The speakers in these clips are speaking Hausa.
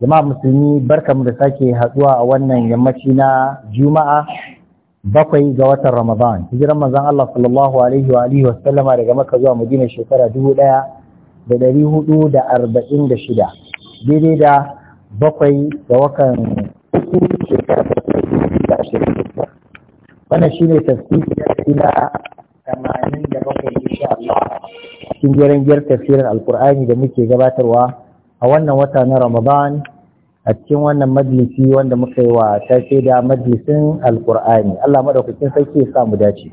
jama'a musulmi barkamu da sake haduwa a wannan yammaci na juma'a bakwai ga watan ramadan hijiran manzon Allah sallallahu alaihi wa alihi wasallama daga maka zuwa madina shekara dubu ɗaya da ɗari hudu da arba'in da shida daidai da bakwai ga watan uku shekara da ashirin da wannan shine tafsiri na tamanin da bakwai insha Allah cikin jeren giyar tafsirin alkur'ani da muke gabatarwa a wannan wata na Ramadan a cikin wannan majalisi wanda muka yi wa tace da majalisin Alkur'ani Allah madaukakin sarki ya sa mu dace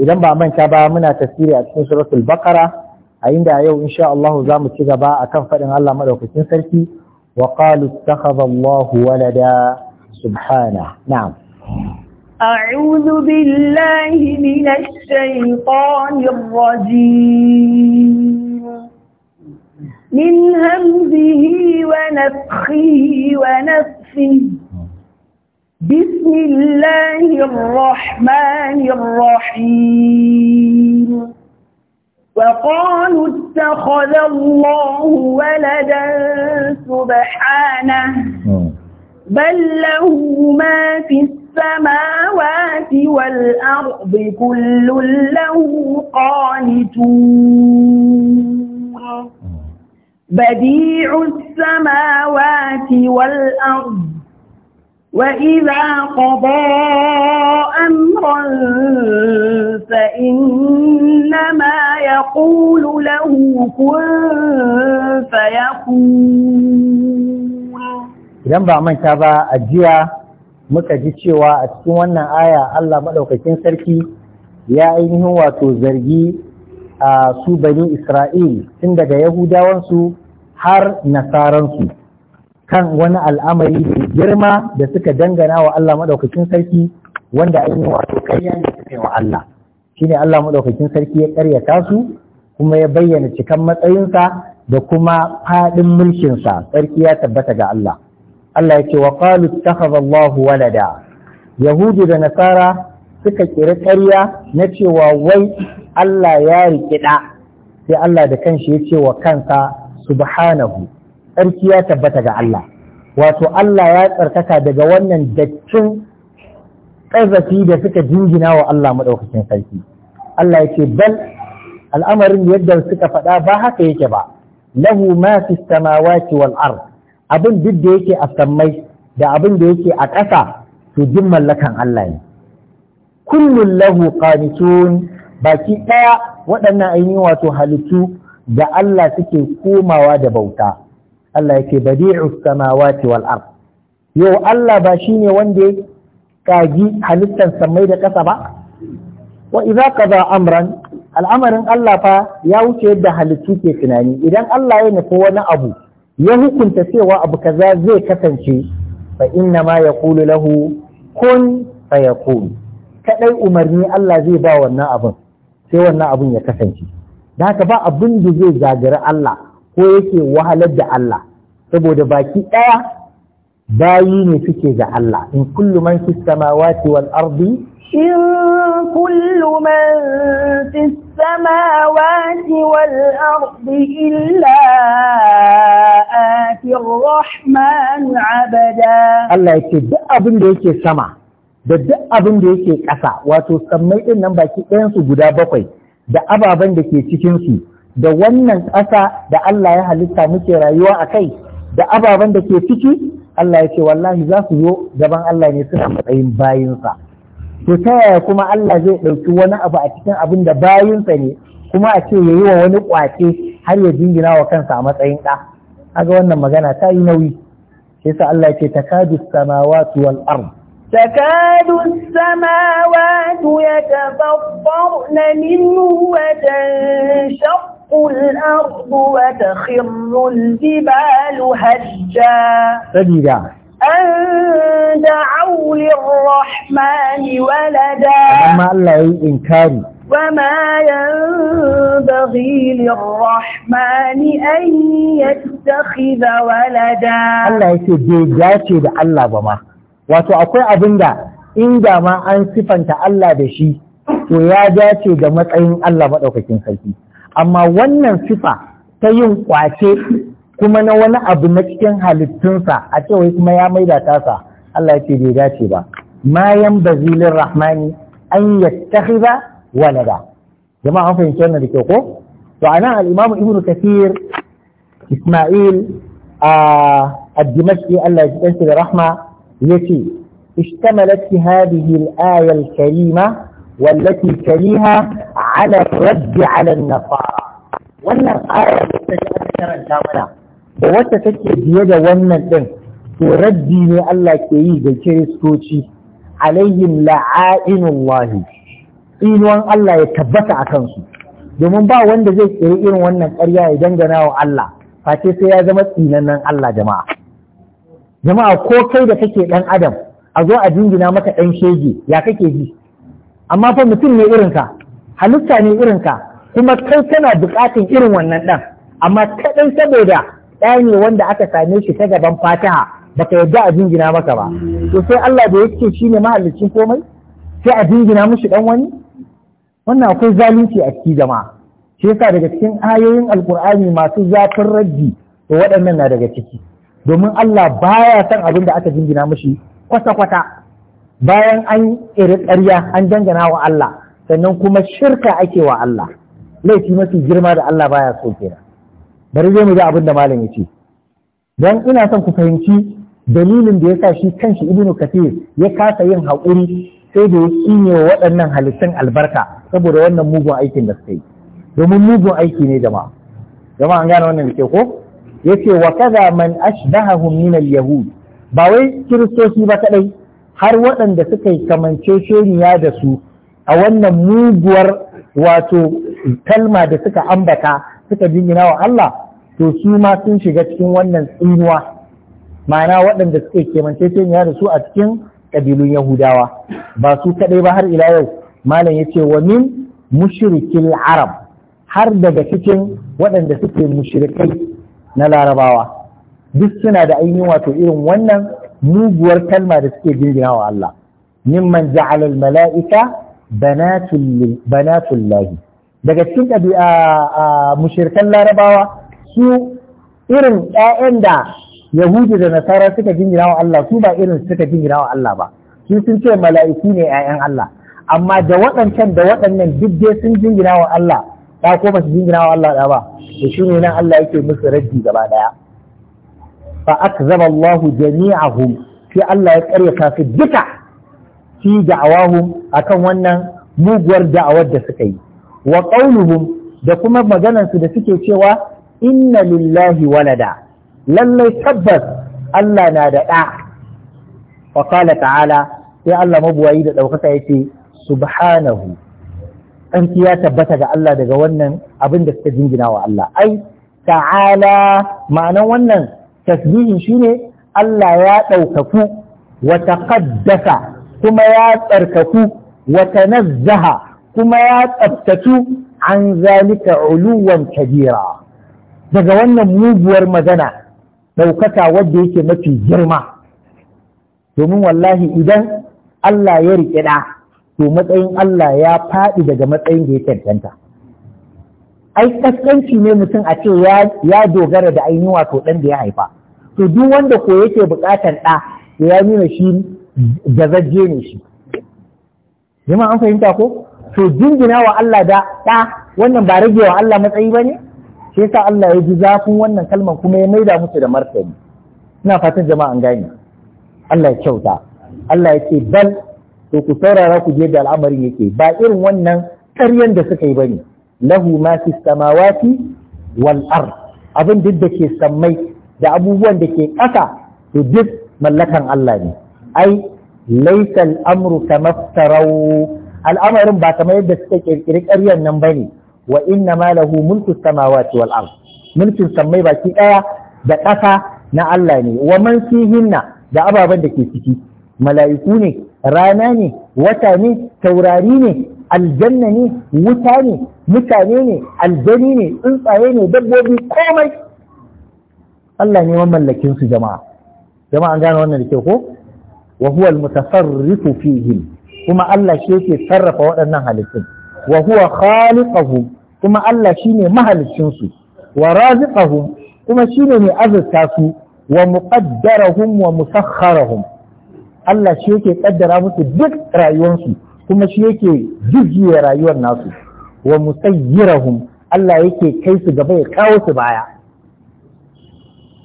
idan ba manta ba muna tafsiri a cikin suratul baqara a inda yau insha Allah za mu ci gaba akan faɗin Allah madaukakin sarki wa qalu ittakhadha Allahu walada subhana na'am أعوذ بالله من الشيطان الرجيم من همزه ونفخه ونفسه بسم الله الرحمن الرحيم وقالوا اتخذ الله ولدا سبحانه بل له ما في السماوات والأرض كل له قانتون بديع السماوات والأرض وإذا قضى أمرا فإنما يقول له كن فيكون idan ba manta ba ajiya jiya muka ji cewa a cikin wannan aya Allah maɗaukacin sarki ya ainihin wato zargi a su bani Isra'il tun daga Yahudawansu har nasaransu kan wani al'amari da girma da suka dangana wa Allah maɗaukakin sarki wanda an yi wato karya ne suka wa Allah Shi ne Allah maɗaukakin sarki ya karyata su kuma ya bayyana cikan matsayinsa da kuma faɗin mulkinsa sarki ya tabbata ga Allah Allah ya ce wa qalu ittakhadha Allahu walada yahudu da nasara suka kiri ƙarya na cewa wai Allah ya riƙi sai Allah da kanshi ya ce wa kansa subhanahu tsarki ya tabbata ga Allah wato Allah ya tsarkaka daga wannan dattin ƙazafi da suka jingina wa Allah maɗaukacin sarki Allah ya ce bal al'amarin yadda suka faɗa ba haka yake ba lahu ma fi samawati wal ard abin duk da yake a sammai da abin da yake a ƙasa to jin mallakan Allah ne kullun lahu qanitun baki ɗaya waɗannan ainihin wato halittu da Allah suke komawa da bauta Allah yake badi'u samawati wal ard yau Allah ba shine wanda ya kaji halittar samai da ƙasa ba wa idza qada amran al'amarin Allah fa ya wuce yadda halittu ke tunani idan Allah ya nufi wani abu ya hukunta cewa abu kaza zai kasance fa inna ma yaqulu lahu kun fayakun kadai umarni Allah zai ba wannan abin sai wannan abin ya kasance da haka ba abin da zai gagari Allah ko yake wahalar da Allah saboda baki ɗaya bayi ne suke ga Allah in kullu man fis samawati wal ardi in kullu man fis samawati wal ardi illa ati rahman abada Allah yake duk abin da yake sama da duk abin da yake ƙasa wato sammai ɗin nan baki ɗayansu guda bakwai da ababen da ke cikinsu da wannan ƙasa da Allah ya halitta muke rayuwa a kai da ababen da ke ciki Allah ya ce wallahi za su zo gaban Allah ne suna matsayin bayinsa to ta yaya kuma Allah zai ɗauki wani abu a cikin abin da bayinsa ne kuma a ce ya yi wa wani ƙwace har ya jingina wa kansa a matsayin ɗa kaga wannan magana ta yi nauyi sai sa Allah ya ce takadu samawati wal ardh تكاد السماوات يتفطرن منه وتنشق الأرض وتخر الجبال هجا سجدا أن دعوا للرحمن ولدا وما الله إنكار وما ينبغي للرحمن أن يتخذ ولدا الله يسجد جاتي الله بما wato akwai abin da inda ma an sifanta Allah da shi to ya dace da matsayin Allah maɗaukakin sarki amma wannan sifa ta yin kwace kuma na wani abu na cikin halittunsa a cewa kuma ya maida tasa Allah ce bai dace ba mayan bazilin rahmani an yattakhidha walada jama'a an fahimci wannan da ke ko to anan al-Imam Ibn Kathir Isma'il a ad-Dimashqi Allah ya ji da rahma yace اشتملت هذه الآية الكريمة والتي تليها على الرد على النصارى wannan ayar da aka karanta mana da wacce take biye da wannan ɗin to raddi ne Allah ke yi ga kiristoci alaihim la'ainullahi tsinuwan Allah ya tabbata a kansu domin ba wanda zai tsere irin wannan ƙarya ya dangana wa Allah face sai ya zama tsinannen Allah jama'a jama'a ko kai da kake ɗan adam a zo a jingina maka ɗan shege ya kake ji amma fa mutum ne irinka halitta ne irinka kuma kai kana buƙatar irin wannan ɗan amma kaɗai saboda ɗa ne wanda aka same shi ta gaban fataha baka yadda a jingina maka ba to sai Allah da yake shine ne mahallicin komai sai a jingina mishi ɗan wani wannan akwai zalunci a cikin jama'a shi yasa daga cikin ayoyin alkur'ani masu zafin raddi to waɗannan na daga ciki domin Allah baya son abin da aka jingina mashi kwata-kwata bayan an iri ƙarya an dangana wa Allah sannan kuma shirka ake wa Allah laifi mafi girma da Allah baya so kenan bari zai mu ji abin da malam ya ce Don ina son ku fahimci dalilin da ya sa shi kanshi ibnu kathir ya kasa yin haƙuri sai da ya kine wa waɗannan halittun albarka saboda wannan mugun aikin da suka yi domin mugun aiki ne jama'a jama'a an gane wannan da ke ko yace wa kaza man ashbahahum min al-yahud ba wai kiristoci ba kadai har waɗanda suka yi kamanceceniya da su a wannan muguwar wato kalma da suka ambata suka jingina wa Allah to su ma sun shiga cikin wannan tsinuwa ma'ana waɗanda suka yi kamanceceniya da su a cikin ƙabilun Yahudawa ba su kadai ba har ila yau malam yace wa min mushrikil arab har daga cikin waɗanda suke mushrikai na larabawa duk suna da ainihin wato irin wannan muguwar kalma da suke jingina wa Allah mimman jaalal mala'ika banatul lahi daga cikin a mushirkan larabawa su irin ƴaƴan da yahudi da nasara suka jingina wa Allah su ba irin suka jingina wa Allah ba su sun ce mala'iku ne ƴaƴan Allah amma da waɗancan da waɗannan duk dai sun jingina wa Allah da ko ba su jingina wa Allah ɗaya ba to ne nan Allah yake musu raddi gaba ɗaya. fa akzaba Allah jami'ahum sai Allah ya karyata su duka fi da'awahum akan wannan muguwar da'awar da suka yi wa qauluhum da kuma maganar su da suke cewa inna lillahi walada lallai tabbas Allah na da ɗa wa ta'ala sai Allah mabuwayi da ɗaukaka yace subhanahu tsarki ya tabbata ga Allah daga wannan abin da suka jingina wa Allah ai ta'ala ma'anan wannan tasbihin shine Allah ya ɗaukaku wa taqaddasa kuma ya tsarkaku wa tanazzaha kuma ya tsabtatu an zalika uluwan kabira daga wannan muguwar magana ɗaukaka wadda yake mafi girma domin wallahi idan Allah ya riƙe ɗa to matsayin Allah ya faɗi daga matsayin da ya cancanta ai kaskanci ne mutum a ce ya dogara da ainihin wato ɗan da ya haifa to duk wanda ko yake buƙatar ɗa ya nuna shi gazajje ne shi jama'a an fahimta ko to jingina wa Allah da ɗa wannan ba rage wa Allah matsayi ba ne shi yasa Allah ya ji zafin wannan kalmar kuma ya maida musu da martani ina fatan jama'a an gane Allah ya kyauta Allah ya ce bal to ku saurara ku je da al'amarin yake ba irin wannan karyan da suka yi ne. lahu ma fi samawati wal ard abin duk da ke sammai da abubuwan da ke ƙasa to duk mallakan Allah ne ai laisa al'amru kamaftarau al'amarin ba kamar yadda suka kirkiri ƙaryan nan bane wa inna ma lahu mulku samawati wal ard mulkin sammai baki daya da ƙasa na Allah ne wa man fihinna da ababen da ke ciki mala'iku ne rana ne wata ne taurari ne aljanna ne wuta ne mutane ne aljani ne tsuntsaye ne dabbobi komai Allah ne mamallakin su jama'a jama'a an gane wannan da ke ko wa huwa al fihim kuma Allah shi yake sarrafa waɗannan halittun wa huwa khaliquhum kuma Allah shine mahalicin su wa raziquhum kuma shine mai azurta su wa muqaddarahum wa musakharahum Allah shi yake kaddara musu duk rayuwarsu kuma shi yake jujjuya rayuwar nasu wa musayyirahum Allah yake kai su gaba ya kawo su baya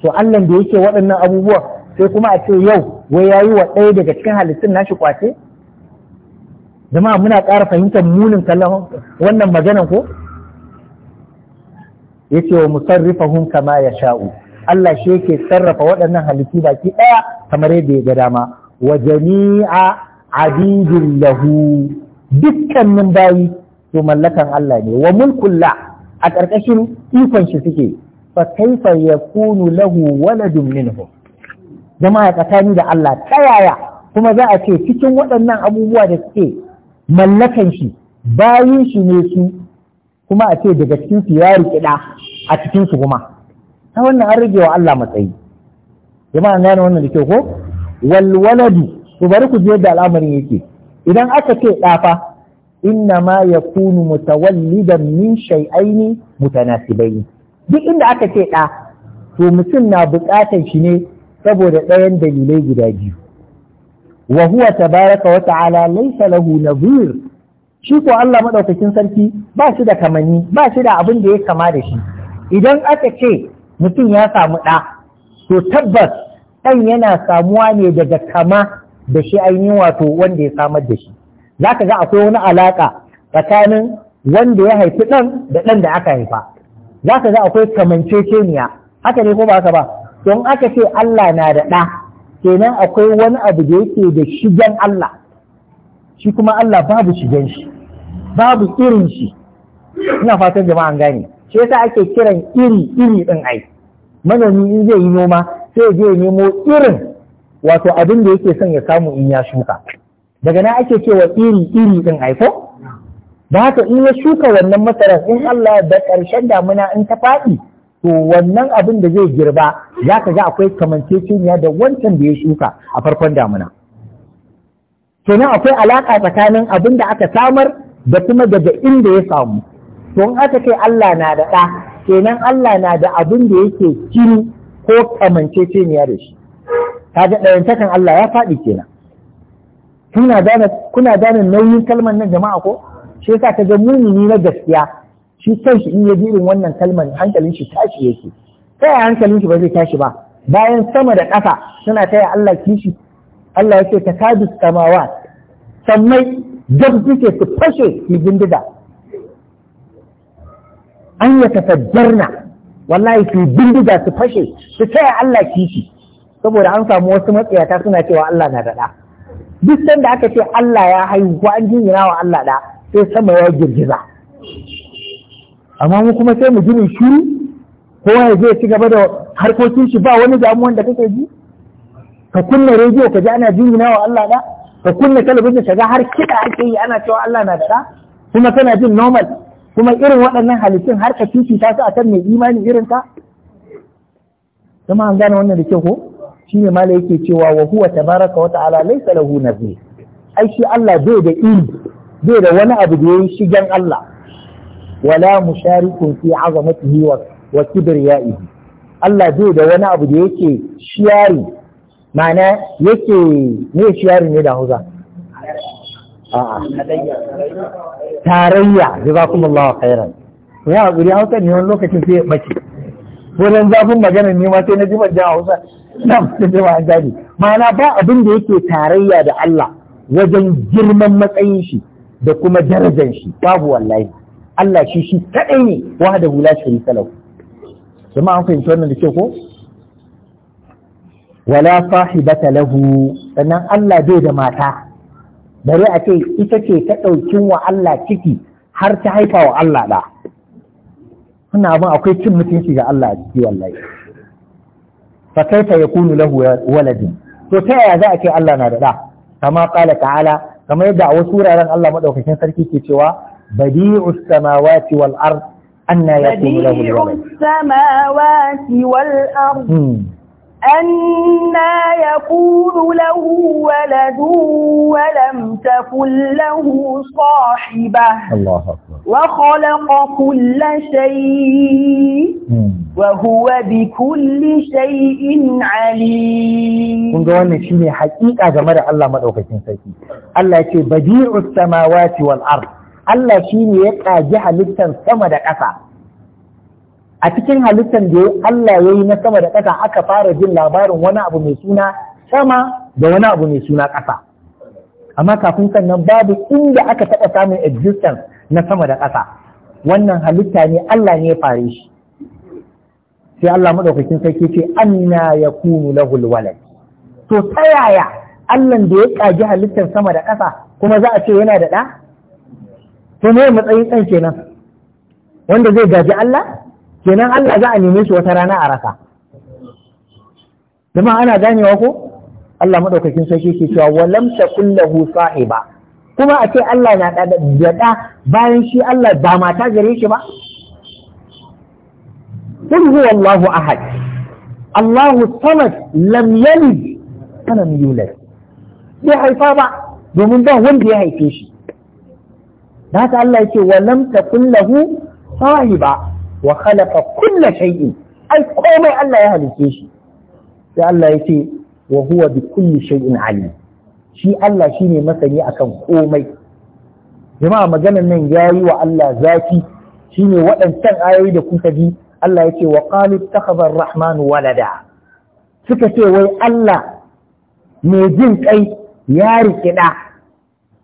to Allah da yake waɗannan abubuwa sai kuma a ce yau wai yayi wa ɗaya daga cikin halittun nashi kwace jama'a muna ƙara fahimtar munin kallon wannan maganan ko yace wa musarrifahum kama yasha'u Allah shi yake sarrafa waɗannan halittu baki ɗaya kamar yadda ya ga dama wa jami'a abidin lahu dukkanin bayi to mallakan Allah ne wa mulkulla a ƙarƙashin ikon shi suke fa kaifa yakunu lahu waladun minhu jama'a tsakani da Allah ta yaya kuma za a ce cikin waɗannan abubuwa da suke mallakan shi bayin shi ne su kuma a ce daga cikin su ya rikida a cikin su kuma ta wannan an rage wa Allah matsayi jama'a gane wannan da kyau ko Walwaladu su to bari ku je da al'amarin yake idan aka ce ɗafa inna ma yakunu mutawallidan min shay'aini mutanasibaini duk inda aka ce ɗa to mutum na buƙatar shi ne saboda ɗayan dalilai guda biyu wa huwa tabaraka wa ta'ala laysa lahu nadhir shi ko Allah madaukakin sarki ba shi da kamani, ba shi da abin da ya kama da shi idan aka ce mutum ya samu ɗa to tabbas ɗan yana samuwa ne daga kama da shi ainihin wato wanda ya samar da shi za ka ga akwai wani alaƙa tsakanin wanda ya haifi ɗan da ɗan da aka haifa za ka ga akwai kamanceceniya haka ne ko ba haka ba don aka ce Allah na da ɗa kenan akwai wani abu da yake da shigen Allah shi kuma Allah babu shigen shi babu irin shi ina fatan jama'an gane shi yasa ake kiran iri iri ɗin ai manomi in zai yi noma sai je nemo irin wato abin da yake son ya samu in ya shuka daga na ake cewa iri iri din aiko Ba haka in ya shuka wannan masarar in Allah da ƙarshen damuna in ta faɗi to wannan abin da zai girba za ka ga akwai kamanceceniya da wancan da ya shuka a farkon damuna kenan akwai alaƙa tsakanin abin da aka samar da kuma daga inda ya samu to in aka kai Allah na da ɗa kenan Allah na da abin da yake kiri. ko kamanceceniya da shi kaga ɗayantakan Allah ya faɗi kenan kuna gane kuna gane nauyin kalmar nan jama'a ko shi yasa kaga mumini na gaskiya shi shi in ya ji irin wannan kalmar hankalin shi tashi yake ta hankalin shi ba zai tashi ba bayan sama da ƙasa suna taya Allah kishi Allah yake ta kadu samawa sammai dab suke su fashe su bindiga an ya tafajjarna wallahi su bindiga su fashe su taya Allah kiki saboda an samu wasu matsayata suna cewa Allah na da ɗa duk sanda aka ce Allah ya haihu ko an jingina wa Allah ɗa sai sama ya girgiza amma mu kuma sai mu gini shiru kowa ya zai ci gaba da harkokin shi ba wani damuwan da kake ji ka kunna rediyo ka ji ana jingina wa Allah ɗa ka kunna talabijin ka ga har kiɗa ake yi ana cewa Allah na da ɗa kuma kana jin normal kuma irin waɗannan halittun har ka fifita su akan mai imani irin ka? kuma an gane wannan da ke ko Shi ne mala yake cewa wa huwa tabaraka wa ta'ala laysa lahu nazir ai shi Allah bai da iri bai da wani abu da yayi shigan Allah wala musharikun fi azamatihi wa wa kibriyaihi Allah bai da wani abu da yake shiyari ma'ana yake ne shiyari ne da Hausa a'a tarayya jazakumullahu khairan to ya hakuri hausa ne wani lokacin sai ya bace wurin zafin magana ne ma sai na ji ban hausa na da jama'a an gani ma'ana ba abin da yake tarayya da Allah wajen girman matsayin shi da kuma darajar shi babu wallahi Allah shi shi kadai ne wahdahu la sharika lahu jama'a an fahimci wannan da ke ko wala sahibata lahu sannan Allah bai da mata bari a ce ita ce ta ɗaukin wa Allah ciki har ta haifa wa Allah ɗa wannan abin akwai cin mutunci ga Allah a ciki wallahi fa kaifa yakunu lahu waladin to ta yaya za a ce Allah na da ɗa kama qala ta'ala kamar yadda a wasu wuraren Allah madaukakin sarki ke cewa badi'us samawati wal ard anna yakunu lahu walad badi'us samawati wal ard hmm. أنا يكون له ولد ولم تكن له صاحبة الله وخلق كل شيء وهو بكل شيء عليم kun ga wannan shine hakika game da Allah madaukakin sarki Allah ce badi'us samawati wal ard Allah shine ya kaji halittan sama da ƙasa a cikin halittar da Allah ya yi na sama da ƙasa aka fara jin labarin wani abu mai suna sama da wani abu mai suna ƙasa amma kafin sannan babu inda aka taɓa samun existence na sama da ƙasa wannan halitta ne Allah ne ya fare shi sai Allah maɗaukakin sarki ce anna kunu lahul walad to ta yaya Allah da ya ƙage halittar sama da ƙasa kuma za a ce yana da ɗa to me matsayin ɗan kenan wanda zai gaji Allah kenan Allah za a neme shi wata rana a rasa kuma ana ganewa ko Allah madaukakin sarki ke cewa walam takul lahu sahiba kuma a ce Allah na da da bayan shi Allah ba mata gare shi ba قل huwallahu Ahad. Allahu الله الصمد لم يلد ولم bai haifa ba domin ba wanda ya haife shi da haka Allah yake wa lam takun lahu sahiba wa khalaqa kulla shay'in ai komai Allah ya halice shi sai Allah ya ce wa huwa bi kulli shay'in alim shi Allah shine masani akan komai jama'a maganar nan yayi wa Allah zafi shine waɗancan ayoyi da kuka ji Allah ya ce wa qalu ittakhadha ar walada suka ce wai Allah mai jin kai ya rikida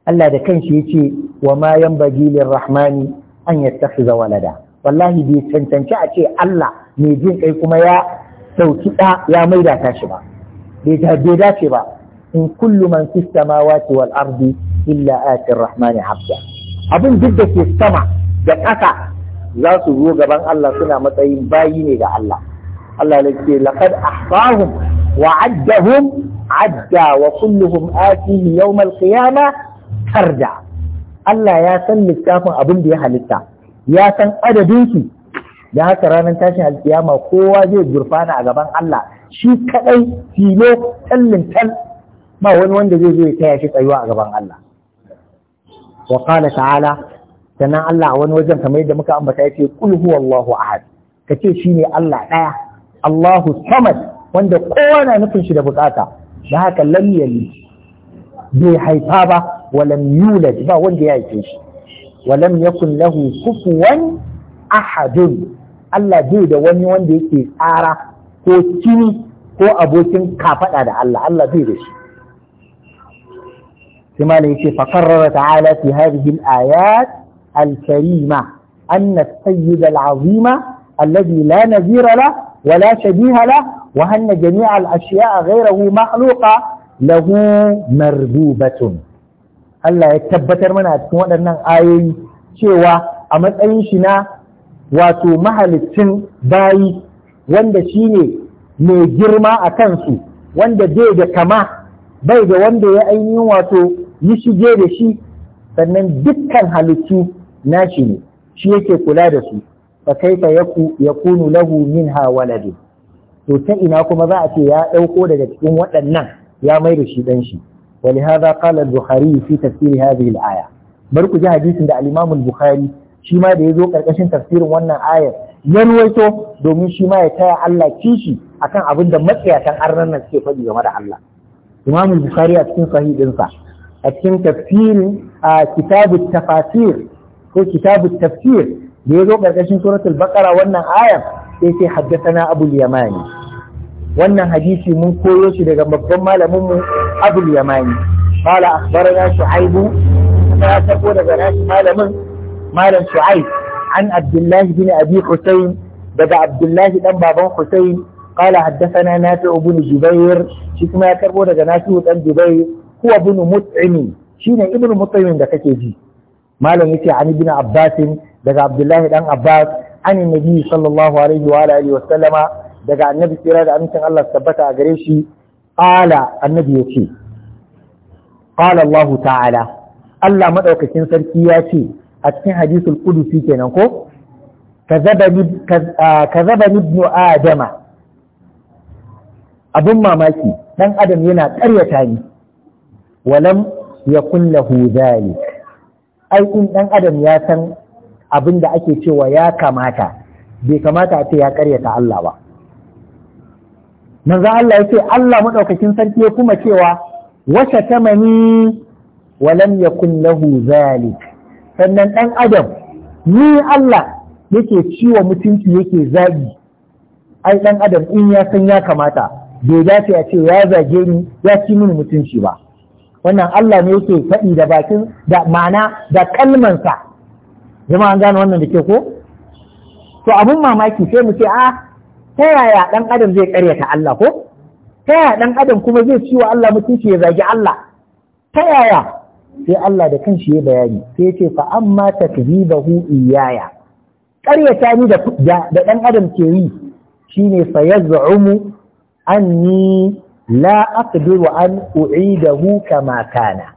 Allah da kanshi yace wa ma yanbaghi lir-rahmani an yattakhidha walada wallahi bai cancanci a ce Allah mai jin kai kuma ya sauki ɗa ya maida ta shi ba bai dace ba in kullu man fi samawati wal ardi illa ati rahmani abda abin duk da ke sama da ƙasa za su zo gaban Allah suna matsayin bayi ne ga Allah Allah ya ce laqad ahsahum wa addahum adda wa kulluhum atihi yawm al-qiyamah tarda Allah ya san littafin abin da ya halitta ya san adadinsu da haka ranar tashin alkiyama kowa zai gurfana a gaban Allah shi kadai filo tallin tal ba wani wanda zai zo ya taya shi tsayuwa a gaban Allah wa qala ta'ala sannan Allah a wani wajen kamar yadda muka ambata yace kul huwallahu ahad kace shine Allah daya Allahu samad wanda kowa na nufin shi da bukata da haka lam bai haifa ba walam yulad ba wanda ya haife shi ولم يكن له كفوا احد الله بيد وني وند يكي قارا كو تيني كو ابوكين كافدا ده الله الله بيد شي كما يجي فقرر تعالى في هذه الايات الكريمه ان السيد العظيم الذي لا نذير له ولا شبيه له وان جميع الاشياء غيره مخلوقه له مربوبة Allah ya tabbatar mana a cikin waɗannan ayoyi cewa a matsayin shi na wato mahalicin bayi wanda shi ne mai girma a kansu wanda bai da kama bai da wanda ya ainihin wato yi shige da shi sannan dukkan halittu na shi ne shi yake kula da su fa kaifa yakunu lahu minha waladu to ta ina kuma za a ce ya ɗauko daga cikin waɗannan ya mai da shi ɗan shi ولهذا قال البخاري في تفسير هذه الآية بركو جاء حديث عند الإمام البخاري شما ده يزو كركشن تفسير وانا آية ينويتو دومين شما يتايا الله كيشي أكان أبدا مكي أكان أرنان كيف دي جمال الله إمام البخاري أتكين صحيح إنصح أتكين تفسير آه كتاب التفاسير هو كتاب التفسير ده يزو كركشن سورة البقرة وانا آية يتي حدثنا أبو اليماني wannan hadisi mun koyo shi daga babban malaminmu أبو اليماني قال أخبرنا شعيب ما تقول بناش مال من مال شعيب عن عبد الله بن أبي حسين بدأ عبد الله بن بابا حسين قال حدثنا نافع بن جبير شيك ما يكربو دغ نافع بن جبير هو ابن مطعم شين ابن مطعم da kake ji malam yace an ibn abbas daga abdullahi dan abbas an annabi sallallahu alaihi wa alihi wa sallama daga annabi kira da amincin Allah tabbata a gare shi ƙala annabi ya ce ƙala Allah ta'ala Allah maɗaukacin sarki ya ce a cikin hadisul qudusi kenan ko zaba ibn adama abin mamaki ɗan adam yana ƙaryata ni walam ya kunna zalik ai in ɗan adam ya san abin da ake cewa ya kamata bai kamata a ce ya ƙaryata Allah ba manzo Allah ya ce, Allah madaukakin sarki ya kuma cewa wa tamani wa lam yakun lahu zalik sannan ɗan adam ni Allah yake ciwo mutunci yake zagi ai ɗan adam in ya san ya kamata bai dace a ce ya zage ni ya ci mini mutunci ba wannan Allah ne yake faɗi da bakin da ma'ana da kalmansa Zama an gane wannan da ke ko to abun mamaki sai mu ce a ah, ta yaya ɗan adam zai ƙaryata Allah ko ta yaya ɗan adam kuma zai ci wa Allah mutunci ya zagi Allah ta yaya sai Allah da kanshi ya bayani sai ce fa amma hu iyaya Ƙaryata ni da da ɗan adam ke yi shine fa umu, anni la aqdiru an u'idahu kama kana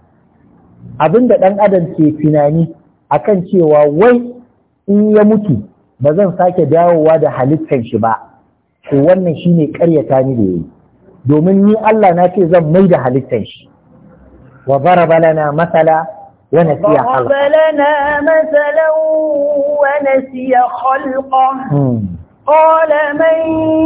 abinda ɗan adam ke tunani akan cewa wai in ya mutu ba zan sake dawowa da halittar shi ba to wannan shine ƙaryata ni da yayi domin ni Allah na ce zan mai da halittar shi wa daraba lana masala wa nasiya khalqa lana masalan wa nasiya khalqa قال من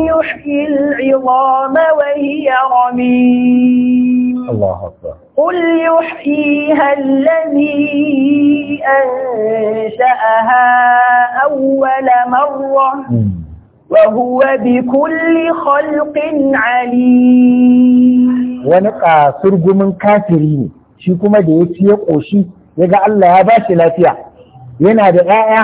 يحيي العظام وهي رميم الله أكبر قل يحييها الذي أنشأها أول مرة وهو بكل خلق عليم wani kasur gumin kafiri ne shi kuma da ya ci ya ƙoshi ya ga Allah ya ba shi lafiya yana da ‘ya'ya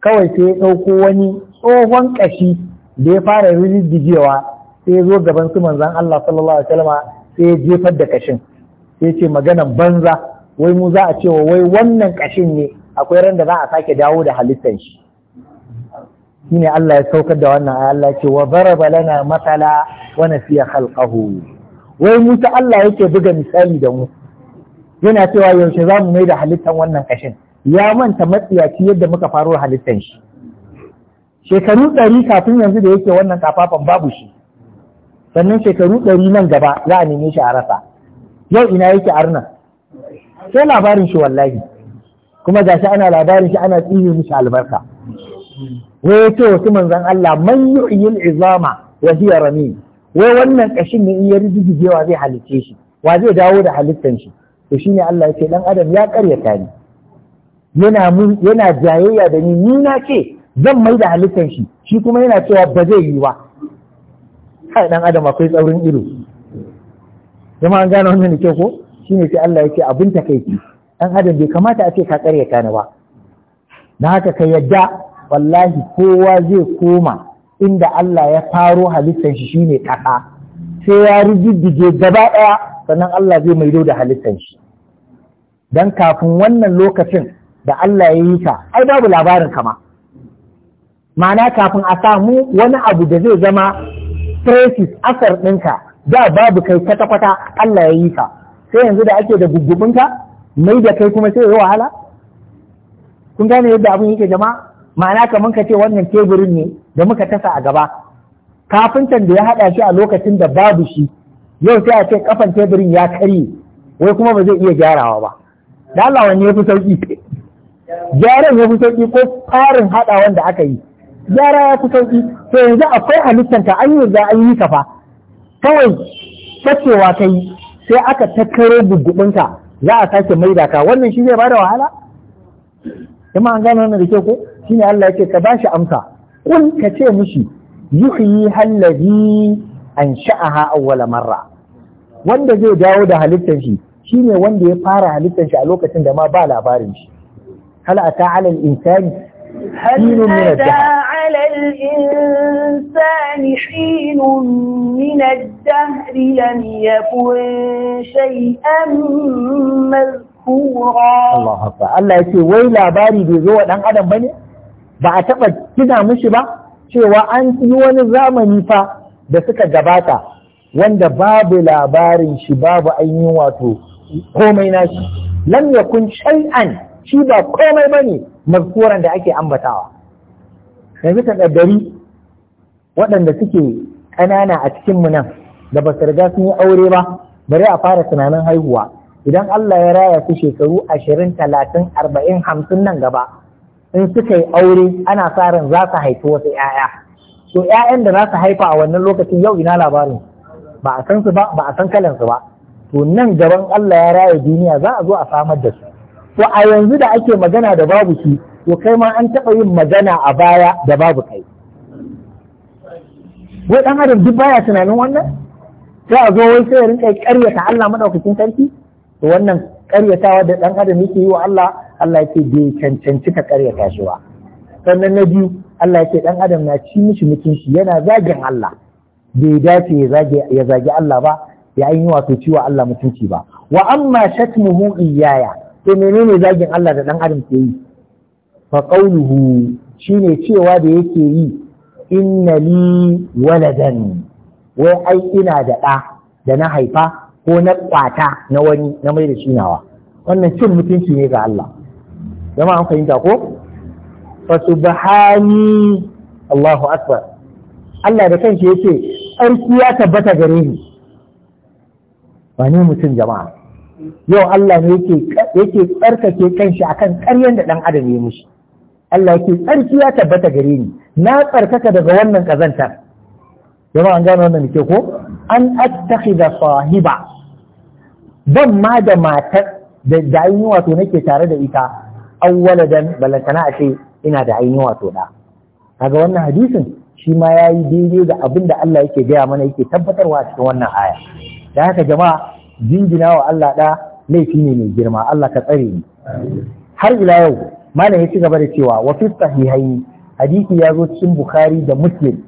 kawai sai ya ɗauko wani tsohon ƙashi da ya fara rijiyewa sai ya zo gaban su manzan Allah sallallahu alaihi wasallam sai ya jefar da ƙashin sai ya ce maganan banza wai mu za a cewa wai wannan ƙashin ne akwai ran da za a sake dawo da halittar shi shine Allah ya saukar da wannan aya Allah ce wa baraba lana masala wa nasiya khalqahu wai mu Allah yake buga misali da mu yana cewa yaushe zamu mai da halittan wannan kashin ya manta matsiyaci yadda muka faro halittan shi shekaru ɗari kafin yanzu da yake wannan kafafan babu shi sannan shekaru ɗari nan gaba za a neme shi a rasa yau ina yake arna sai labarin shi wallahi kuma gashi ana labarin shi ana tsine mishi albarka wai ya ce wasu manzan Allah man izama wa hiya rami? wai wannan kashin ne in ya rijigewa zai halicce shi wa zai dawo da halittan shi to shine Allah ya ce dan adam ya karyata ni yana yana jayayya da ni ni na ce zan mai da halittan shi shi kuma yana cewa ba zai yi ba kai dan adam akwai tsaurin ido kuma an gane wannan da ko shine sai Allah ya ce abin takeici dan adam bai kamata a ce ka karyata ni ba na haka ka yadda wallahi kowa zai koma inda Allah ya faro halittar shi shine kaka sai ya rigidige gaba ɗaya sannan Allah zai maido da halittar shi dan kafin wannan lokacin da Allah ya yi ka ai babu labarin kama ma'ana kafin a samu wani abu da zai zama traces asar ɗinka da babu kai kwata-kwata Allah ya yi ka sai yanzu da ake da gugubinka mai da kai kuma sai ya wahala kun gane yadda abin yake jama'a ma'ana kamar ka ce wannan teburin ne da muka tasa a gaba kafintan da ya haɗa shi a lokacin da babu shi yau sai a ce kafan teburin ya karye wai kuma ba zai iya gyarawa ba da Allah wani ya fi sauki gyaran ya fi sauki ko farin haɗawan da aka yi gyara ya fi sauki to yanzu akwai halittanta an yi za an yi kafa kawai tacewa ka yi sai aka tattaro gugubinka za a sake maida ka wannan shi zai da wahala kuma an gano wannan da ke ko shine Allah yake ka bashi amsa kun ka ce mishi yuhyi hallazi ansha'aha awwala marra wanda zai dawo da halittar shi shine wanda ya fara halittar shi a lokacin da ma ba labarin shi hal ata ala al insani hinun min ad ala al insani hinun min ad-dahr lam yakun Allah ya ce wai labari bai zo wa دان adam bane, ba a taɓa gina mishi ba cewa an yi wani zamani fa da suka gabata wanda babu labarin shi babu ainihin wato komai shi lam yakun shay'an shi ba komai bane mazkuran da ake ambatawa yanzu ta daddari waɗanda suke ƙanana a cikin mu nan da ba su riga sun yi aure ba bari a fara tunanin haihuwa idan Allah ya raya ku shekaru ashirin talatin arba'in hamsin nan gaba in suka yi aure ana sa ran za su haifi wasu 'ya'ya to 'ya'yan da za su haifa a wannan lokacin yau ina labarin ba a san su ba ba a san kalan su ba to nan gaban Allah ya raya duniya za a zo a samar da su to a yanzu da ake magana da babu shi to kai ma an taɓa yin magana a baya da babu kai wai ɗan adam duk baya tunanin wannan sai a zo wai sai ya rinka ƙaryata Allah maɗaukakin sarki to wannan karyatawa da ɗan adam yake yi wa Allah Allah yake bai cancanci ka karyata shi ba sannan na biyu Allah yake dan adam na ci mishi mutunci yana zagin Allah bai dace ya zage ya zagi Allah ba ya yi wato ciwa Allah mutunci ba wa amma shatmuhu iyaya to menene zagin Allah da dan adam ke yi fa qawluhu shine cewa da yake yi inna li waladan wai ai ina da ɗa da na haifa ko na kwata na wani na mai da shinawa wannan cin mutunci ne ga Allah zama an fahimta ko fa subhani Allahu akbar Allah da kanshi yake tsarki ya tabbata gare ni ba ne mutum jama'a yau Allah ne yake yake tsarkake kanshi akan ƙaryan da dan adam ya mushi Allah yake tsarki ya tabbata gare ni na tsarkaka daga wannan kazantar jama'a an gano wannan ke ko an attakhidha sahiba ban ma da matar da ainihin wato nake tare da ita awwaladan balantana a ce ina da ainihin wato da kaga wannan hadisin shi ma yayi daidai da abin da Allah yake gaya mana yake tabbatarwa a cikin wannan aya da haka jama'a jinjina wa Allah da laifi ne mai girma Allah ka tsare ni har ila yau malam ya ci gaba da cewa wa fi sahihaini hadisi ya zo cikin bukhari da muslim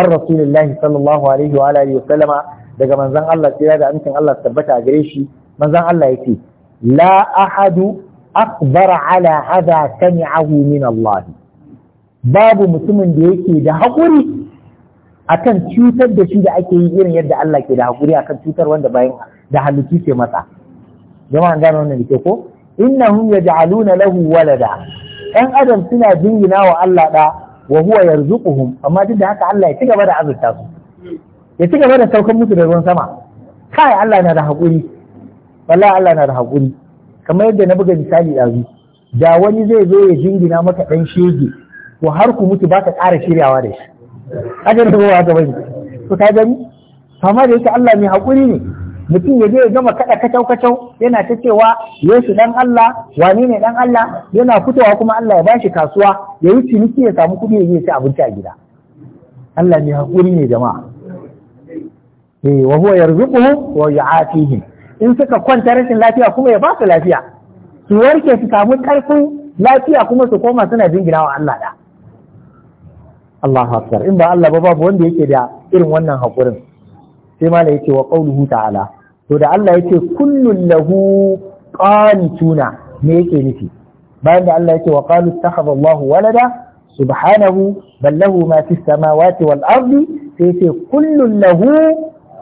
an rasulillahi sallallahu alaihi wa alihi wa daga manzon Allah tsira da amincin Allah tabbata a gare shi manzon Allah yake la ahadu akbar ala hada sami'ahu min Allah babu mutumin da yake da haƙuri akan cutar da shi da ake yi irin yadda Allah ke da hakuri akan cutar wanda bayan da halittu ke masa jama'an gano wannan ke ko innahum yaj'aluna lahu walada ɗan adam suna jingina wa Allah da wa huwa yarzuquhum amma duk da haka Allah ya ci gaba da azurta su ya ci gaba da saukan musu da ruwan sama kai Allah na da hakuri wallahi Allah na da hakuri kamar yadda na buga misali ɗazu da wani zai zo ya jingina maka ɗan shege to har ku mutu baka ka ƙara shiryawa da shi ajar da ba ka bane to ka gani amma da yake Allah mai hakuri ne mutum ya je ya gama kada kacau kacau yana ta cewa yesu dan Allah wani ne dan Allah yana fitowa kuma Allah ya bashi kasuwa ya yi ciniki ya samu kuɗi ya yi ci abinci a gida Allah ne hakuri ne jama'a eh wa huwa yarzuquhu wa yu'afihi in suka kwanta rashin lafiya kuma ya basu lafiya su warke su samu karfin lafiya kuma su koma suna jingina wa Allah da Allahu akbar in ba Allah ba babu wanda yake da irin wannan hakurin sai mala yake wa qauluhu ta'ala to da Allah ya ce kullun lahu qanituna me yake nufi bayan da Allah ya ce wa qalu ittakhadha Allahu walada subhanahu bal lahu ma fis samawati wal ardi sai ce kullun lahu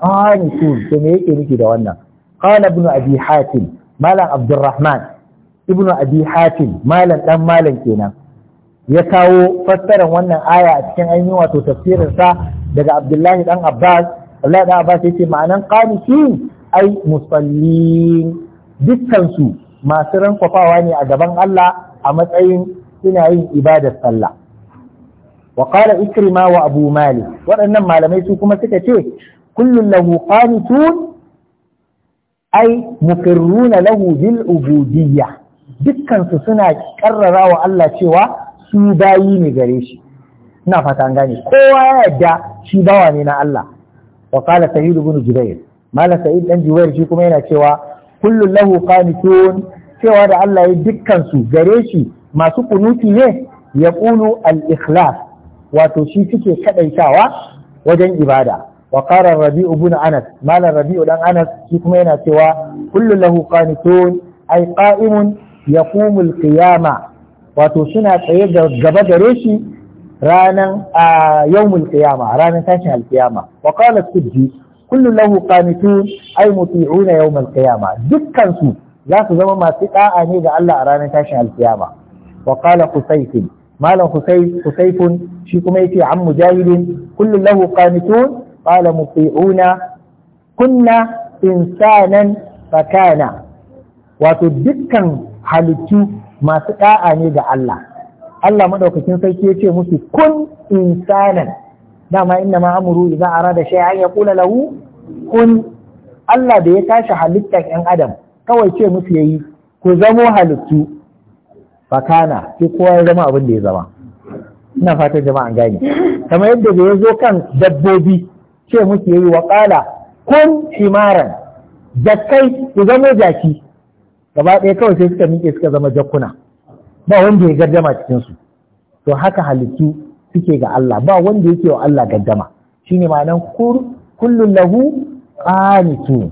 qanitun to me yake nufi da wannan qala ibn abi hatim malam abdurrahman ibn abi hatim malam dan malam kenan ya kawo fassarar wannan aya a cikin ainihin wato tafsirinsa daga abdullahi dan abbas Allah da Abbas yace ma'anan qanitin ai musallin dukkansu masu rankwafawa ne a gaban Allah a matsayin suna yin ibadar sallah wa qala ikrima wa abu waɗannan malamai su kuma suka ce kullum lahu qanitun ai muqirruna lahu bil ubudiyya dukkansu suna ƙarrara wa Allah cewa su bayi ne gare shi ina fata an gane kowa ya yarda shi bawa ne na Allah wa qala sa'id bin jubair malam sa'id dan juwair shi kuma yana cewa kullun lahu qanitun cewa da Allah ya dukkan su gare shi masu kunuti ne ya kunu al ikhlas wato shi suke kadaitawa wajen ibada wa rabi'u ibn anas malam rabi'u dan anas shi kuma yana cewa kullun lahu qanitun ay qa'imun yaqumu al qiyama wato suna tsaye gaba gare shi ranan a yawmul qiyama ranan tashin al qiyama wa qala kullum lahu qanitun ay muti'una yawm al-qiyama dukkan su za su zama masu da'a ne ga Allah a ranar tashin alkiyama qiyama wa qala malam qusayf shi kuma yace an mujahidin kullum lahu qanitun qala muti'una kunna insanan fakana wato dukkan halittu masu da'a ne ga Allah Allah madaukakin sarki yace musu kun insanan dama inna ma amuru idan arada shay'an ya kula lahu kun Allah da ya tashi halittar ‘yan Adam, kawai ce musu ya yi, ku zamo halittu, fakana, sai kowa ya zama abin da ya zama. Ina fatan jama'an gane. Kamar yadda da ya zo kan dabbobi, ce musu ya yi waƙala, kun shimaran, kai ku zamo jaki. Gaba ɗaya kawai sai suka miƙe suka zama jakuna, ba wanda ya gardama cikinsu. To haka halittu suke ga Allah ba wanda yake wa Allah gaddama shine ma'anan kullun lahu qanitun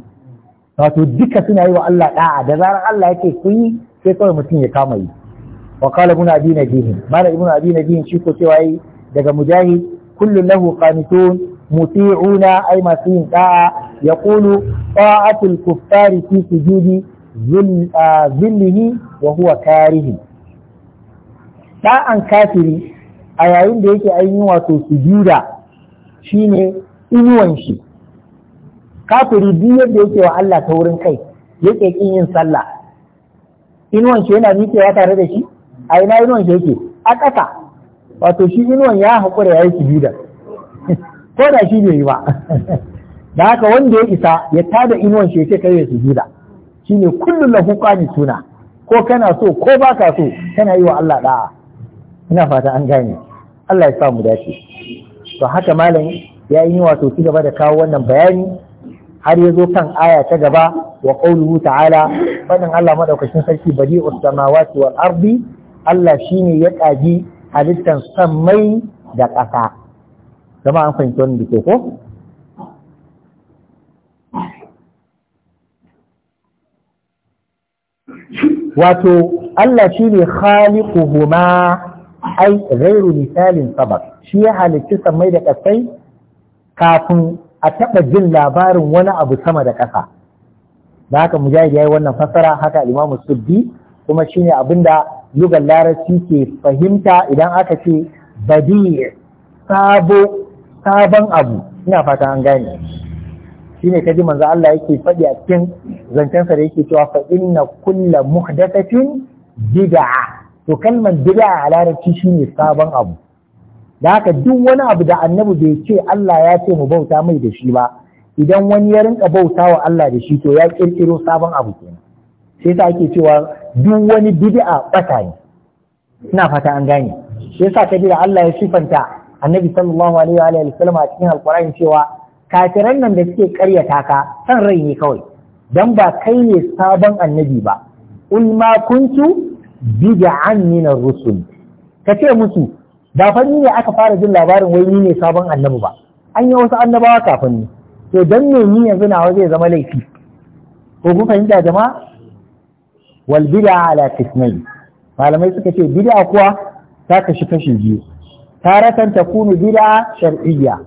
wato duka suna yi wa Allah da'a da zarar Allah yake kuyi yi sai kawai mutum ya kama yi wa qala ibn abi najih mala ibn abi najih shi ko cewa yi daga mujahid kullun lahu qanitun muti'una ay masu yin da'a yaqulu ta'atul kuffari fi sujudi ah, zillihi wa huwa karihi da'an kafiri a yayin da yake ainihin wato sujuda ne inuwan shi kafiri biyu yadda yake wa Allah ta wurin kai yake kin yin sallah inuwan shi yana ya tare da shi a ina inuwan shi yake a ƙasa wato shi inuwan ya haƙura ya yi sujuda ko da shi bai yi ba da haka wanda ya isa ya tada inuwan shi yake kai ya sujuda kullum kullu ne suna ko kana so ko ba ka so kana yi wa Allah da'a ina fata an gane Allah ya sa mu dace to haka malam ya yi wato ci gaba da kawo wannan bayani har ya zo kan aya ta gaba wa qauluhu ta'ala fadin Allah madaukakin sarki bari ussamawati wal ardi Allah shine ya kaji halittan sammai da ƙasa zama an fahimci wannan da ko wato Allah shine ne khaliquhuma ai gairu misalin sabar shi ya halitta sammai da ƙasai kafin a taɓa jin labarin wani abu sama da ƙasa da haka mujahid ya yi wannan fassara, haka al-imam Kuma kuma shine abinda lugar larabci ke fahimta idan aka ce badi sabo sabon abu ina fata an gane shine kaji manzo Allah yake faɗi a cikin zancensa da yake cewa fa inna kulla muhdathatin bid'a to kalman bid'a a larabci shine sabon abu da haka duk wani abu da annabi bai ce Allah ya ce mu bauta mai da shi ba idan wani ya rinka bauta wa Allah da shi to ya kirkiro sabon abu kenan sai ta ake cewa duk wani bid'a bata ne ina fata an gane sai sa ka da Allah ya sifanta annabi sallallahu alaihi wa alihi wasallam a cikin alqur'ani cewa kafiran nan da suke karyata ka san rai ne kawai dan ba kai ne sabon annabi ba ulma kuntu bid'an min ar-rusul kace musu ba fa ni ne aka fara jin labarin wai ni ne sabon annabi ba an yi wasu annabawa kafin ni to dan me ni yanzu nawa zai zama laifi ko kun fahimta jama'a wal bid'a ala qismayn malamai suka ce bid'a kuwa ta kashi kashi biyu taratan kunu bid'a shar'iyya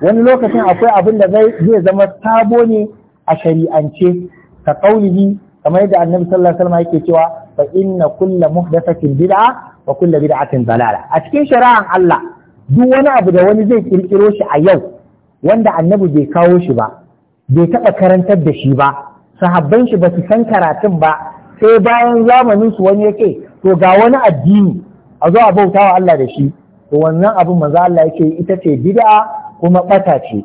wani lokacin akwai abin da zai zama sabo ne a shari'ance ka kaulihi kamar yadda annabi sallallahu alaihi wasallam yake cewa fa inna kullu muhdathatin bid'a wa kullu bid'atin dalala a cikin shari'an Allah duk wani abu da wani zai kirkiro shi a yau wanda annabi bai kawo shi ba bai taba karantar da shi ba sahabban shi ba su san karatun ba sai bayan zamanin su wani yake to ga wani addini a zo a wa Allah da shi to wannan abin manzo Allah yake ita ce bid'a kuma bata ce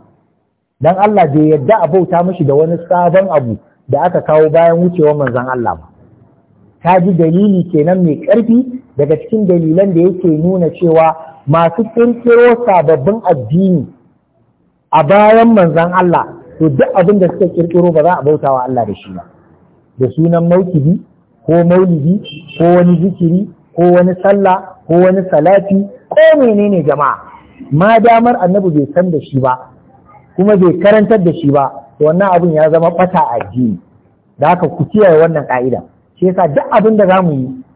dan Allah bai yadda a bauta mishi da wani sabon abu da aka kawo bayan wucewa manzon Allah ba ta ji dalili kenan mai ƙarfi daga cikin dalilan da yake nuna cewa masu ƙirƙiro sababbin addini a bayan manzon Allah to duk abin da suka ƙirƙiro ba za a bauta wa Allah da shi ba da sunan maukidi ko maulidi ko wani zikiri ko wani sallah ko wani salati ko menene jama'a ma damar annabi bai san da shi ba kuma bai karantar da shi ba wannan abin ya zama a addini da haka ku kiyaye wannan ka'ida shi yasa duk abin da zamu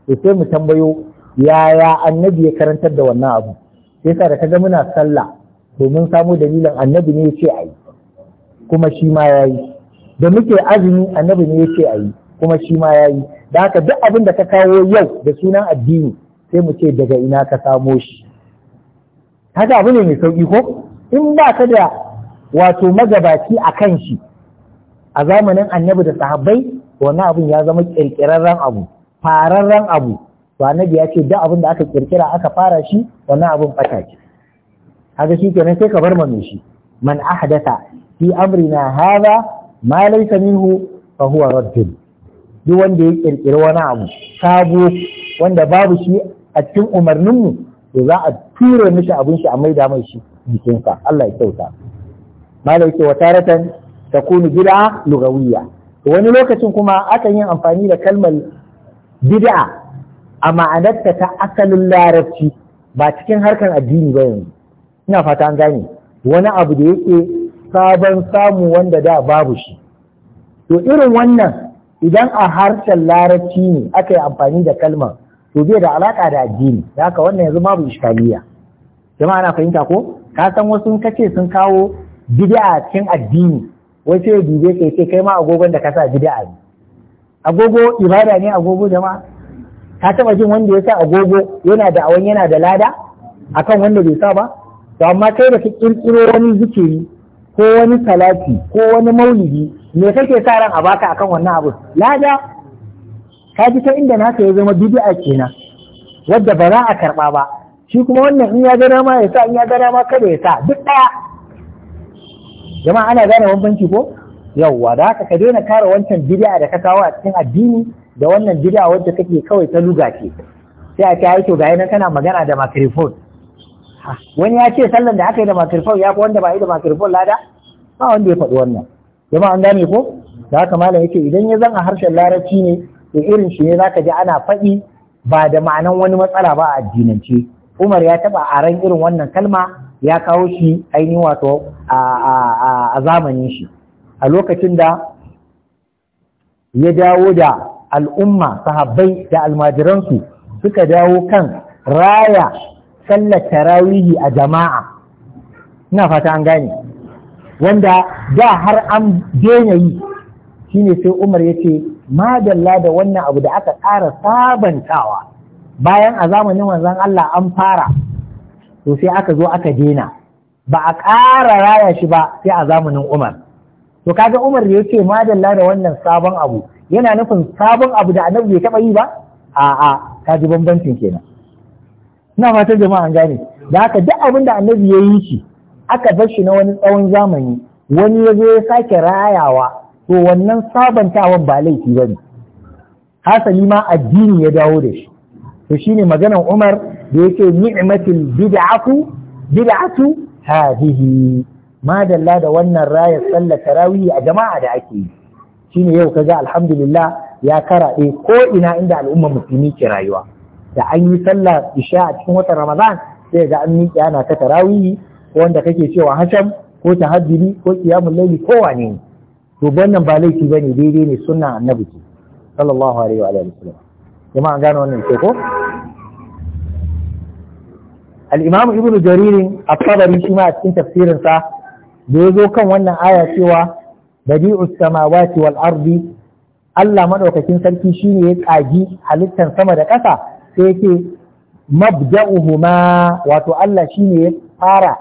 yi to sai mu tambayo yaya annabi ya karantar da wannan abu shi yasa da kaga muna sallah domin samu dalilin annabi ne ya ce ayi kuma shi ma yayi da muke azumi annabi ne yace ce ayi kuma shi ma yayi da haka duk abin da ka kawo yau da sunan addini sai mu ce daga ina ka samo shi haka abu ne mai sauki ko in ba ka da wato magabaci a kan shi a zamanin annabi da sahabbai wannan abin ya zama kirkirarren abu fararren abu to annabi ya ce duk abin da aka kirkira aka fara shi wannan abin fata ce haka shi kenan sai ka bar mu shi man ahdatha fi amrina hadha ma laysa minhu fa huwa raddun duk wanda ya kirkiri wani abu sabo wanda babu shi a cikin umarninmu to za a tura mishi abin shi a maida mai shi jikinsa Allah ya kyauta malai yake wa taratan kunu bid'a lugawiyya wani lokacin kuma akan yi amfani da kalmar bid'a a ma'anarta ta asalin larabci ba cikin harkar addini ba yanzu ina fata an gane wani abu da yake sabon samu wanda da babu shi to irin wannan idan a harshen larabci ne aka yi amfani da kalmar to bai da alaka da addini da haka wannan yanzu babu iskaliya jama'a na fahimta ko ka san wasu kace sun kawo bid'a cikin addini wai sai dube kai ce kai ma agogon da kasa bid'a ne agogo ibada ne agogo jama'a ka taba jin wanda ya sa agogo yana da awan yana da lada akan wanda bai sa ba to amma kai da ka kirkiro wani zikiri ko wani salati ko wani maulidi me kake sa ran a baka akan wannan abu lada ka ji ta inda naka ya zama bid'a kenan wadda ba za a karɓa ba shi kuma wannan in ya ga ma ya sa in ya ga ma kada ya sa duk ɗaya. jama'a ana gane bambanci ko yawwa da haka ka daina kare wancan bid'a da ka kawo a cikin addini da wannan bid'a wadda kake kawai ta luga ce sai a ce ai to gayi nan kana magana da microphone wani ya ce sallan da aka yi da microphone ya wanda ba yi da microphone lada ba wanda ya faɗi wannan jama'a an gane ko da haka malam yake idan ya zan a harshen larabci ne to irin shi ne zaka ji ana faɗi ba da ma'anan wani matsala ba a addinance Umar ya taɓa aran irin wannan kalma ya kawo shi ainihin wato a zamanin shi a lokacin da ya dawo da al'umma sahabbai da almajiransu suka dawo kan raya sallar tarawihi a jama'a ina fata an gane wanda da har an daina yi shine sai umar ya ce madalla da wannan abu da aka ƙara sabantawa bayan a zamanin manzon Allah an fara to sai aka zo aka dena ba a ƙara raya shi ba sai a zamanin Umar to kaga Umar ya ce madalla da wannan sabon abu yana nufin sabon abu da annabi bai taba yi ba a'a ka ji bambancin kenan ina fatan jama'a an gane da haka duk abin da annabi ya yi shi aka bar shi na wani tsawon zamani wani ya zo ya sake rayawa to wannan sabantawan ba laifi ba ne hasali ma addini ya dawo da shi to shine maganar Umar da yake ni'matul bid'atu bid'atu ma dalla da wannan raya sallar tarawih a jama'a da ake yi shine yau kaga alhamdulillah ya karaɗe ko ina inda al'umma musulmi ke rayuwa da an yi sallar isha a cikin watan Ramadan sai ga an miƙe ana ta tarawih wanda kake cewa hasham ko tahajjudi ko qiyamul layli ko wane ne to wannan ba laifi bane daidai ne sunna annabi sallallahu alaihi wa alihi wasallam an gane wannan ko al-imam ibnu jarir at-tabari shi ma a cikin tafsirin sa da zo kan wannan aya cewa badi'us samawati wal ardi Allah madaukakin sarki shine ya tsagi halittan sama da ƙasa sai yake mabda'uhuma wato Allah shine ya fara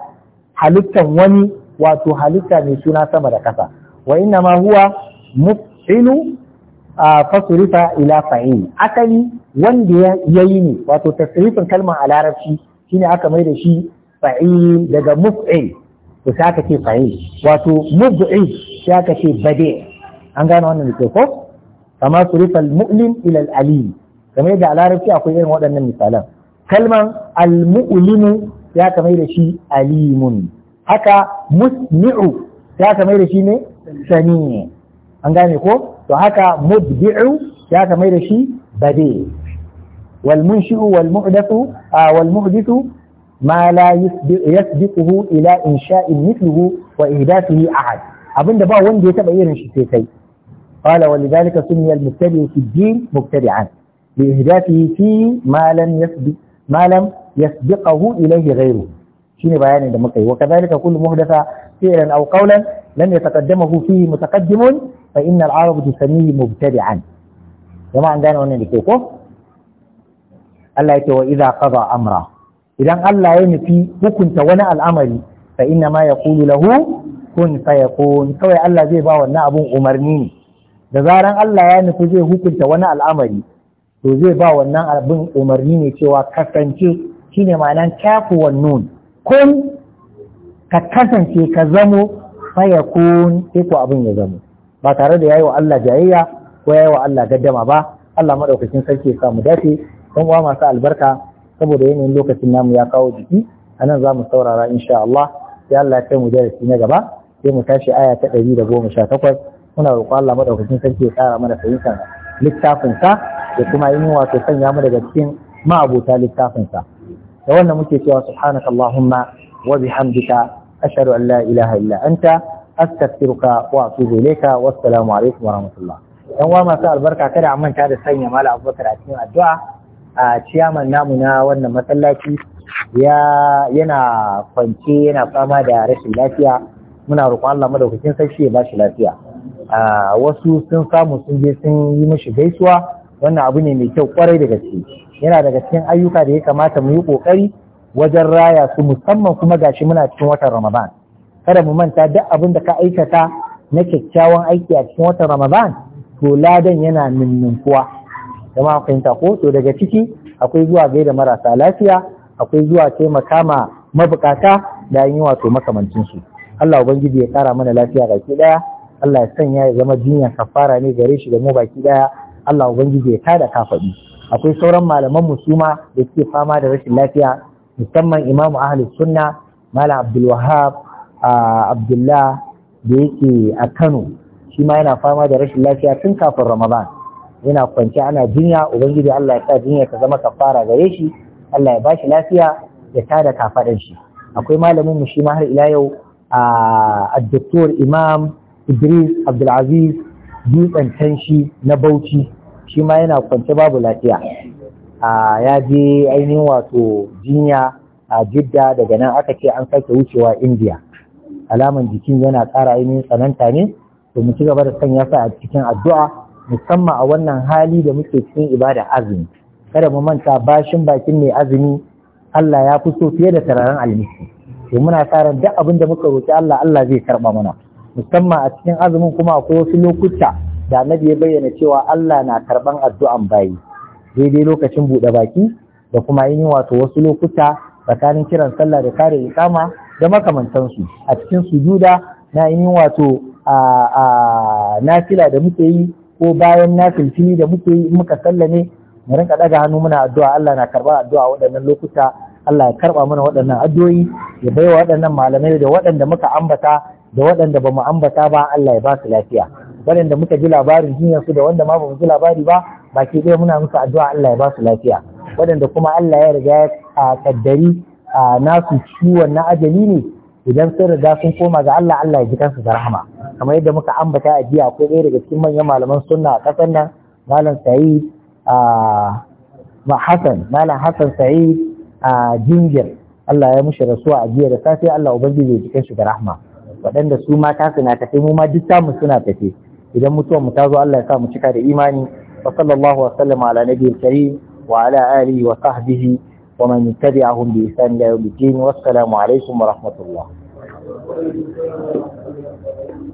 halittan wani wato halitta mai suna sama da ƙasa wa inna ma huwa muf'inu a fasurifa ila fa'in asali wanda ya yi ne wato tasrifin kalmar a larabci shine aka mai da shi fa'in daga mufin to sai aka ce fa'in wato mub'in sai aka ce bade an gane wannan da ke ko kama surifa al-mu'lim ila al-alim kamar da a larabci akwai irin waɗannan misalan kalman al-mu'limu ya aka mai da shi alimun haka musmi'u ya aka mai da shi ne sani an gane ko to haka mudbi'u ya ka mai da shi bade wal munshi'u wal muhdathu wal muhdithu ma la yasbiquhu ila insha'in mithluhu wa ihdathihi ahad abinda ba wanda ya taba irin shi sai kai qala wa lidhalika sumiya al mubtadi'u fi din mubtadi'an li ihdathihi fi ma lam yasbiq ma lam yasbiqahu ilayhi ghayruhu shine bayanin da muka yi wa kadhalika kullu muhdatha fi'lan aw qawlan lam yataqaddamahu fihi mutaqaddimun fa innal arab tusammihi mubtadi'an jama an gane wannan da ke ko Allah yake wa idza qada amra idan Allah ya nufi hukunta wani al'amari fa inna ma yaqulu lahu kun fayakun kawai Allah zai ba wannan abun umarni ne da zaran Allah ya nufi zai hukunta wani al'amari to zai ba wannan abin umarni ne cewa kasance shine ma'anan kafu wa nun kun ka kasance ka zamo fayakun sai ko abin ya zamo ba tare da yayi wa Allah jayayya ko yayi wa Allah gaddama ba Allah madaukakin sarki ya samu dace dan uwa masu albarka saboda yanayin lokacin namu ya kawo jiki anan za mu saurara insha Allah sai Allah ya kai mu darasi na gaba sai mu tashi aya ta 118 muna roƙon Allah madaukakin sarki ya tsara mana fahimtar littafin sa da kuma yin wato sanya mu daga cikin ma'abota littafin sa da wannan muke cewa subhanakallahumma wa bihamdika ashhadu an la ilaha illa anta astaghfiruka wa atubu ilayka wassalamu alaikum rahmatullah yan uwa masu albarka kada a manta da sanya mala abubakar a cikin addu'a a ciyaman namu na wannan masallaci ya yana kwance yana fama da rashin lafiya muna roƙon Allah madaukakin sarki ya bashi lafiya wasu sun samu sun je sun yi mishi gaisuwa wannan abu ne mai kyau kwarai da gaske yana daga cikin ayyuka da ya kamata mu yi kokari wajen raya su musamman kuma gashi muna cikin watan Ramadan kada mu manta duk abin da ka aikata na kyakkyawan aiki a cikin watan ramadan to ladan yana ninninkuwa jama'a fahimta ko to daga ciki akwai zuwa da marasa lafiya akwai zuwa taimaka ma mabukata da yi wato makamancin su Allah ubangiji ya kara mana lafiya baki daya Allah ya sanya ya zama jinya kafara ne gare shi da mu baki daya Allah ubangiji ya tada kafaɗi akwai sauran malaman musuma da ke fama da rashin lafiya musamman imamu ahli sunna malam abdul wahab abdullah da yake a kano shi ma yana fama da rashin lafiya tun kafin ramadan yana kwance ana jinya ubangiji allah ya sa jinya ta zama kafara gare shi allah ya ba shi lafiya ya tada kafaɗan shi akwai malamin mu shi ma har ila yau a doktor imam idris abdulaziz dutsen tanshi na bauchi shi ma yana kwance babu lafiya ya je ainihin wato jinya a jidda daga nan aka ce an sake wucewa indiya alaman jikin yana ƙara ainihin tsananta ne to mu ci gaba da sanya sa a cikin addu'a musamman a wannan hali da muke cikin ibada azumi kada mu manta bashin bakin mai azumi Allah ya fi so fiye da tararen almisi to muna sa ran duk abin da muka roƙi Allah Allah zai karɓa mana musamman a cikin azumin kuma akwai wasu lokuta da annabi ya bayyana cewa Allah na karɓan addu'an bayi daidai lokacin buɗe baki da kuma yin wato wasu lokuta tsakanin kiran sallah da kare ikama da makamantansu a cikin sujuda na yin wato a nafila da muke yi ko bayan nafilfili da muke yi muka ne mu rinka daga hannu muna addu'a Allah na karba addu'a waɗannan lokuta Allah ya karba mana waɗannan addu'o'i ya baiwa waɗannan malamai da waɗanda muka ambata da waɗanda ba ambata ba Allah ya ba su lafiya waɗanda muka ji labarin jinyar su da wanda ma bamu ji labari ba baki ɗaya muna musu addu'a Allah ya ba su lafiya waɗanda kuma Allah ya riga ya kaddari nasu ciwon na ajali ne idan sun riga sun koma ga Allah Allah ya ji kansu da rahama kamar yadda muka ambata a jiya akwai ɗaya daga cikin manyan malaman sunna a ƙasar nan malam sa'id ma Hassan malam Hassan sa'id a Jinjir Allah ya mushi rasuwa a jiya da safe Allah ubangiji ya ji kansu da rahama waɗanda su mata suna tafe mu ma duk suna tafe idan mutuwan mu ta zo Allah ya sa mu cika da imani wa sallallahu wa sallama ala nabiyil karim wa ala alihi wa sahbihi ومن تبعهم بإحسان الله يوم الدين والسلام عليكم ورحمة الله